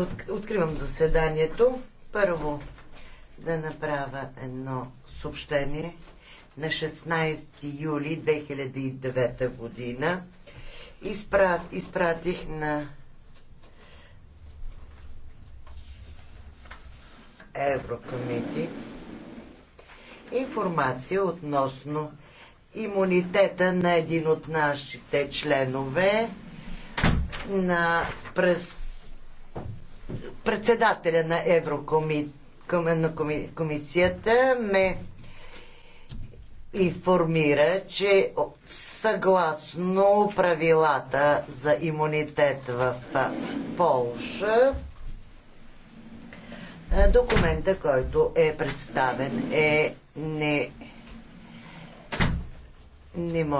да откривам заседанието. Първо да направя едно съобщение на 16 юли 2009 година. Изпрат, изпратих на Еврокомити информация относно имунитета на един от нашите членове на през председателя на Еврокомисията ме информира, че съгласно правилата за имунитет в Полша, документа, който е представен, е не, не може.